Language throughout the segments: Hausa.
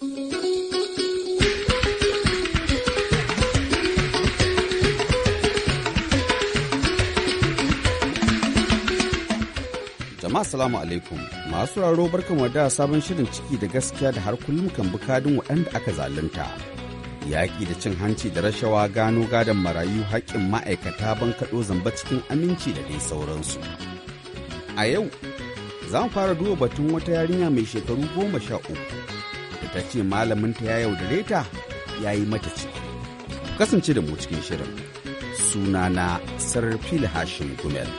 jama'a salamu alaikum masu raro barkanmu da sabon shirin ciki da gaskiya da har kullum kan bukadin waɗanda aka zalunta yaƙi da cin hanci da rashawa gano gadon marayu haƙƙin ma'aikata bankaɗo zamba cikin aminci da dai sauransu a yau za mu fara duba batun wata yarinya mai shekaru goma sha uku ta ce malaminta ya yaudare ta ya yi mata ciki. Kasance da mu cikin shirin Suna sunana Sarfil Hashim Gumel.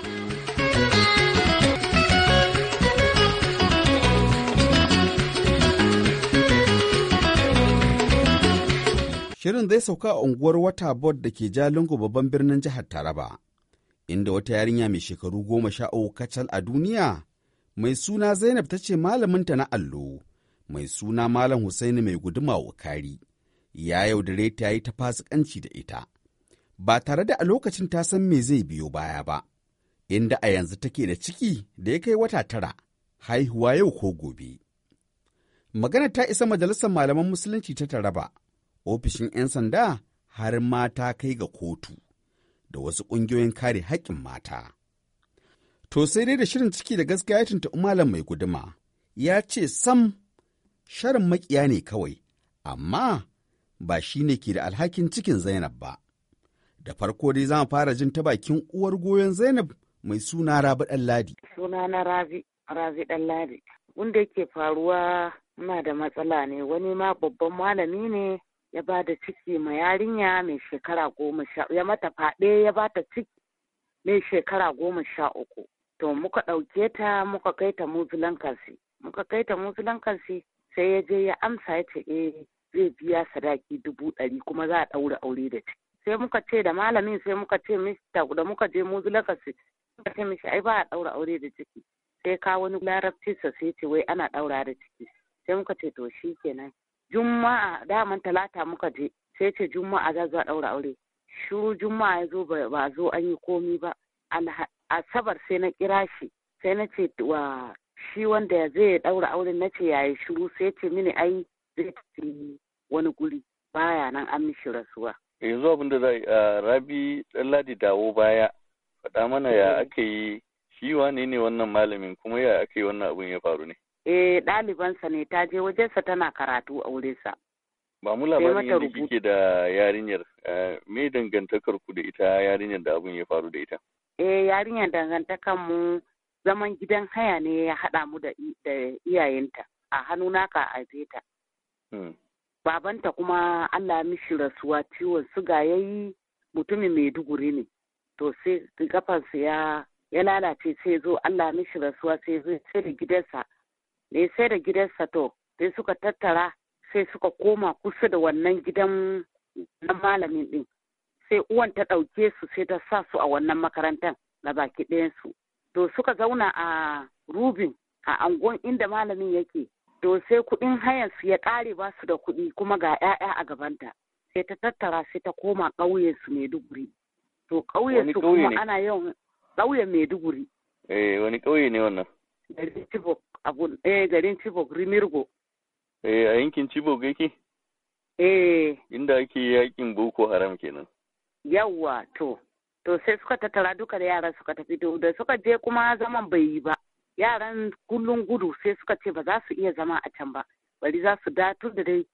Shirin zai sauka a unguwar wata bod da ke Jalingo babban birnin jihar Taraba, inda wata yarinya mai shekaru goma sha uku kacal a duniya mai suna Zainab ta ce malaminta na allo mai suna Malam Husaini mai guduma kari ya yaudare ta yi ta fasikanci da ita, ba tare da a lokacin ta san me zai biyo baya ba, inda a yanzu take da ciki da ya kai wata tara, haihuwa yau ko gobe. Magana ta isa majalisar malaman musulunci ta taraba, ofishin 'yan sanda har mata kai ga kotu, da wasu ƙungiyoyin kare haƙƙin mata. To sai dai da shirin ciki da gaskiya ya tuntuɓi malam mai guduma, ya ce sam sharin makiya ne kawai, amma ba shi ne ke da alhakin cikin Zainab ba. Da farko dai za mu fara jin ta bakin uwar goyon Zainab mai suna Rabi Ɗanladi. Suna na Rabi, Rabi Ɗanladi. Wanda yake faruwa muna da matsala ne, wani ma babban malami ne ya ba da ciki ma yarinya mai shekara goma sha ya mata faɗe ya ba ta ciki mai shekara goma sha uku. To muka ɗauke ta muka kai ta muzulan kansi. Muka kai ta muzulan kansi sai ya je ya amsa ya ce eh zai biya sadaki dubu ɗari kuma za a ɗaura aure da ciki sai muka ce da malamin sai muka ce mishi da muka je muzulakasi muka ce mishi ai ba a ɗaura aure da ciki sai ka wani larabcinsa sai ce wai ana ɗaura da ciki sai muka ce to shi kenan juma'a daman talata muka je sai ce juma'a za zuwa ɗaura aure Shuru juma'a ya zo ba zo an yi komi ba asabar sai na kira shi sai na ce wa shi wanda zai ɗaura auren na ce yayi shiru sai ce mini ai zai tafi wani guri baya nan an mishi rasuwa yanzu abin da zai ah, rabi ladi dawo baya faɗa mana ya eh. ake yi shi wane ne wannan malamin kuma ya ake yi wannan abin ya faru ne eh ɗalibansa ne ta je wajensa tana karatu a wurinsa ba mu labarin yadda kike da yarinyar eh, me dangantakar ku da ita yarinyar da abin ya faru da ita eh yarinyar dangantakar mu zaman gidan haya ne ya haɗa mu da iyayenta a hannu naka a ta. Hmm. Babanta kuma Allah mishi rasuwa ciwon suga ya yi mutumin duguri ne. To sai kafansa ya lalace sai zo Allah mishi rasuwa sai zo sai da gidansa. Ne sai da gidansa to sai suka tattara sai suka koma kusa da wannan gidan na malamin ɗin, Sai uwan ta ɗauke su sai ta sa su a wannan makarantar na baki ɗayansu. to suka zauna a rubin a angon inda malamin yake to sai kuɗin hayansu ya ƙare ba su da kuɗi kuma ga 'ya'ya a gabanta sai ta tattara sai ta koma ƙauyen su maiduguri to ƙauyen su kuma ana yawan ƙauyen maiduguri eh wani ƙauye ne wannan garin chibok abu eh garin chibok rimirgo eh a yankin chibok yake eh inda ake yakin boko haram kenan yawwa to to sai suka tattara duka da yaran suka tafi to da suka je kuma zaman bai yi ba yaran kullun gudu sai suka ce ba za su iya zama a can ba bari za su datur da dai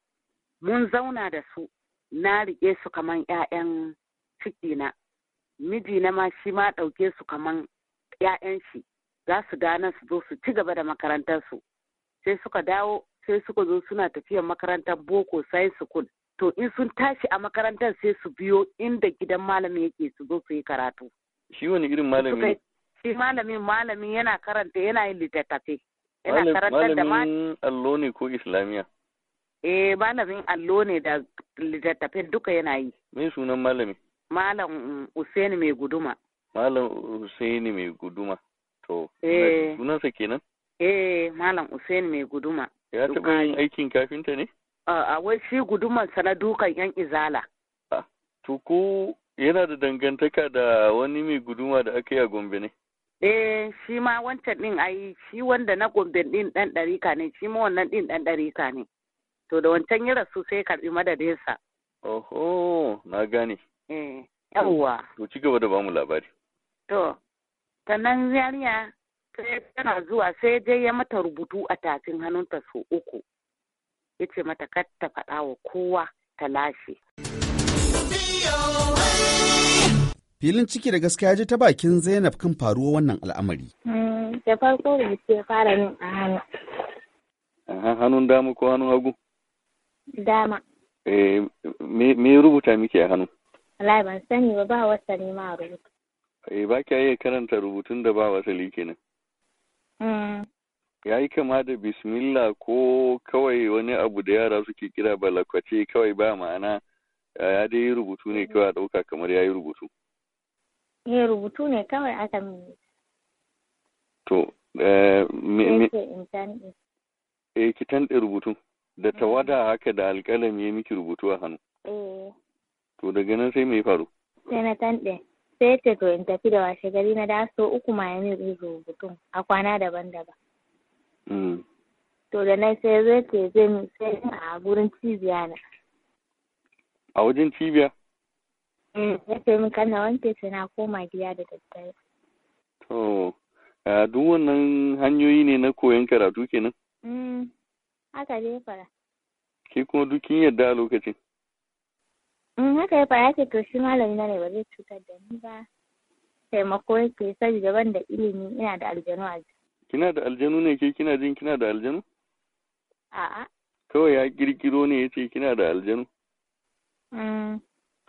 mun zauna da su na rike su kaman ƴaƴan ciki na miji na ma shi ma ɗauke su kaman ƴaƴan shi za su dana su zo su ci gaba da makarantar su sai suka dawo sai suka zo suna tafiyar makarantar boko science school to in sun tashi a makarantar sai su biyo inda gidan malami yake su zo su yi karatu shi wani irin malami shi malamin malami yana karanta yana yin littattafe yana karantar da malamin allo ne ko islamiya eh malamin allo ne da littattafe duka yana yi me sunan malami malam Usaini mai guduma malam Usaini mai guduma to eh. sunansa kenan eh malam Usaini mai guduma ya taɓa yin aikin kafinta ne a wai shi guduman sa na dukan yan izala ah, Tuku yana da dangantaka da wani mai guduma da aka yi a gombe ne eh shi ma wancan din ai shi wanda na gombe din dan ɗarika ne shi ma wannan din dan ɗarika ne to da wancan ya rasu sai karbi madadinsa oho na gane eh yawwa to ci gaba da bamu labari to sannan yarinya sai tana zuwa sai je ya mata rubutu a tafin hannunta so uku ya ce mata kar ta faɗa wa kowa ta lashe. filin ciki da gaskiya ji ta bakin zainab kan faruwa wannan al'amari. Hmm, da farko da ke fara yin a hannu. a hannun dama ko hannun hagu? dama. Eh, me rubuta miki a hannu? Wallahi ban sani ba ba wasali ma rubutu. Eh ba kya iya karanta rubutun da ba wasali kenan. Hmm. ya yi kama da bismillah ko kawai wani abu da yara suke kira balakwace kawai ba ma'ana ya dai yi rubutu ne kawai a ɗauka kamar ya yi rubutu. Ya eh, rubutu ne kawai aka To, eh, me Eh, ki tanɗe rubutu. Da mm. tawada haka da alƙalami ya miki rubutu a hannu. Eh. To daga nan sai mai faru? Sai na tanɗe. Sai ya ce to in tafi da washe gari na da so uku ma ya min rubutun a kwana daban-daban. Mm. to da nan sai zai ce zai mi sai a gurin cibiya na a wajen cibiya mm, ya ce min kanna, wanke sai na koma gida da daddare to duk wannan hanyoyi ne na koyon karatu kenan mm, haka dai fara ke kuma duk kin yarda a lokacin in haka ya fara ce to shi malami na ne ba zai cutar da ni ba taimako yake saboda ban da ilimi ina da aljanu a jiki kina da aljanu ne ke kina jin kina da aljanu a'a kawai ya kirkiro ne ya ce kina da aljanu mm.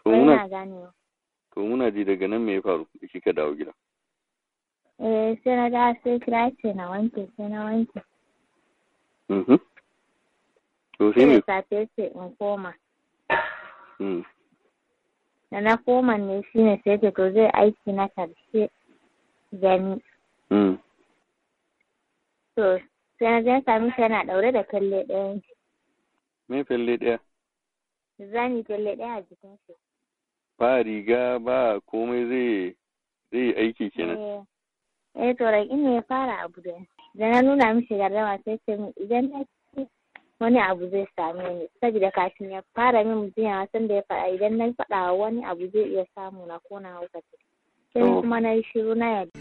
to muna to muna ji daga nan me ya faru da kika dawo gida eh sai na da sai kira ce na wanke sai na wanke mhm to sai ne safe ce in koma mm. da na koma ne shine sai ta to zai aiki na karshe gani mm. to sai na je na shi yana ɗaure da kalle ɗaya me fyalle ɗaya zani kalle ɗaya a jikin shi ba riga ba komai zai zai aiki kenan eh, eh to raƙi ne ya fara abu da da na nuna mishi gardama sai ce min idan na ci wani abu zai same ni saboda kafin ya fara min mutum wasan da ya faɗa idan na faɗa wani abu zai iya samu na ko na hauka sai kuma na yi shiru na yadda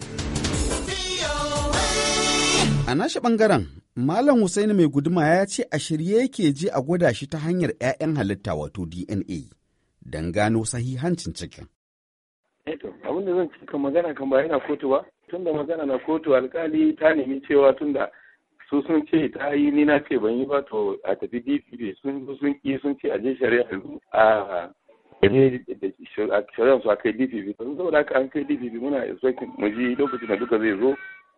A nashi ɓangaren, Malam Hussaini mai guduma ya ce a shirye yake je a gwada shi ta hanyar 'ya'yan halitta wato DNA don gano sahihancin cikin. Eto, eh abin da zan cika magana kan ba yana kotu ba, tun da magana na kotu alkali ta nemi cewa tun da su sun ce ta yi ni na ce ban yi ba to a tafi DPP sun sun sun ce a je shari'a yanzu a shari'a su a kai DPP. Saboda haka an kai DPP muna expecting mu ji lokacin da duka zai zo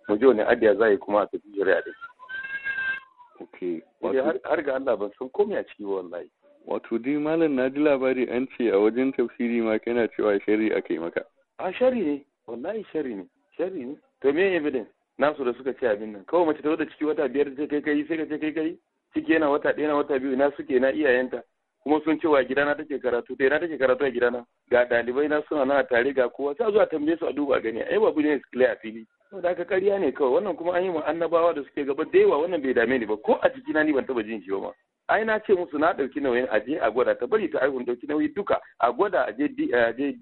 mu ji wani adiya za yi kuma a tafi jira da shi har ga Allah ban san komai a ciki wallahi wato dai malam na ji labari an ce a wajen tafsiri ma kana cewa shari aka yi maka a shari ne wallahi shari ne shari ne to me bidin? nasu da suka ce abin nan kawai mace ta wata ciki wata biyar ce kai kai sai ka ce kai kai ciki yana wata ɗaya na wata biyu na suke na iyayenta kuma sun ce wa gidana take karatu to ina take karatu a gidana ga ɗalibai na suna na tare ga kowa sai a zo a tambaye su a duba gani ai babu ne clear a fili da aka ƙarya ne kawai wannan kuma an yi wa annabawa da suke gaba da yawa wannan bai dame ni ba ko a jikina ni ban taba jin shi ba ma ai na ce musu na ɗauki nauyin aje a gwada ta bari ta aihun ɗauki nauyi duka a gwada aje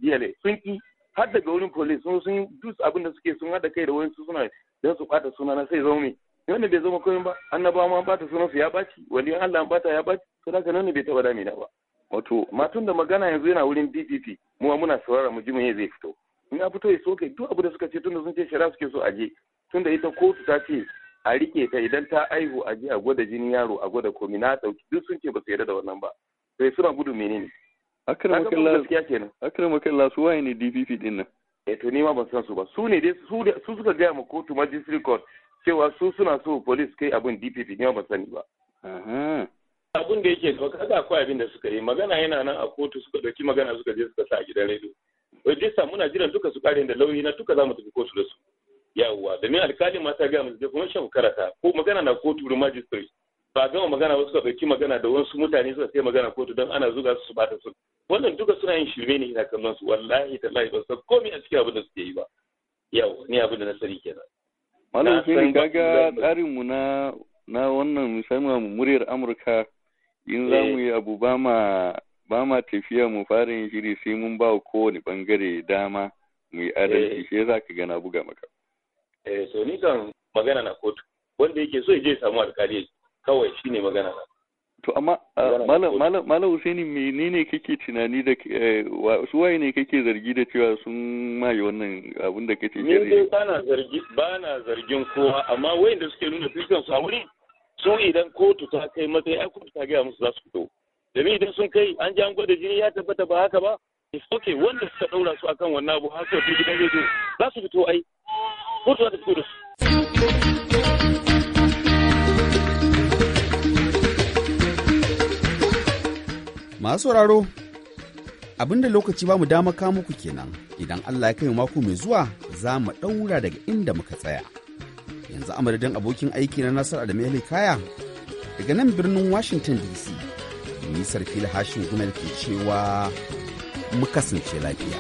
DLA sun ki har daga wurin police sun sun dus abin da suke sun haɗa kai da wani suna don su ɓata suna na sai zaune. mai wannan bai zama komai ba annabawa ma ɓata sunan su ya ɓaci waliyan Allah an ɓata ya ɓaci to da nan bai taba damina ba wato matun da magana yanzu yana wurin DPP mu muna saurara mu ji me zai fito in ya fito ya so kai duk abu da suka ce tunda sun ce shari'a suke so a je tunda ita kotu ta ce a rike ta idan ta aihu a je a gwada jini yaro a gwada komi na dauki duk sun ce ba su yarda da wannan ba sai suna gudu menene makalla su waye ne dpp din nan eh to ni ma ban san su ba su ne dai su suka gaya ma kotu magistrate court cewa su suna so police kai abin dpp nima ba sani ba abin da yake kaga akwai abin da suka yi magana yana nan a kotu suka dauki magana suka je suka sa a gidan rediyo rajista muna jiran duka su kare da lauyi na duka za mu tafi kotu da su yawwa domin alkalin ma ta gaya mu da kuma shafu karata ko magana na kotu da magistrate ba gama magana wasu ka ɗauki magana da wasu mutane suka sai magana kotu don ana zuga su su bata su wannan duka suna yin shirme ne ina kallon su wallahi tallahi ba san komai a cikin abin da suke yi ba yau ni abin da na sani kenan malam sai ga tsarin mu na na wannan musamman muryar Amurka in za mu yi abu ba ma ba ma tafiya mu fara yin shiri sai mun ba kowane bangare dama mu yi adalci eh. shi za ka gana buga maka. Eh so ni kan magana na kotu wanda yake so ya je samu alkali kawai shine magana na. To amma Malam Husaini menene kake tunani da eh, su waye ne kake zargi da cewa sun maye wannan abin da kake ce Ni dai bana zargi bana zargin kowa amma wayanda suke nuna fikan su a wuri su idan kotu ta kai matsayi ai kotu ta gaya musu za su fito. domin idan sun kai an ji an gwada jini ya tabbata ba haka ba it's okay wanda suka ɗaura su akan wannan abu haka bi gidan rediyo za su fito ai kotu za ta fito da su. Masu sauraro abinda lokaci ba mu dama ka muku kenan idan Allah ya kai mako mai zuwa za mu ɗaura daga inda muka tsaya. Yanzu amadadin abokin aiki na Nasar Adamu Kaya daga nan birnin Washington DC. nisar fil hashin gumel ke cewa mu kasance lafiya.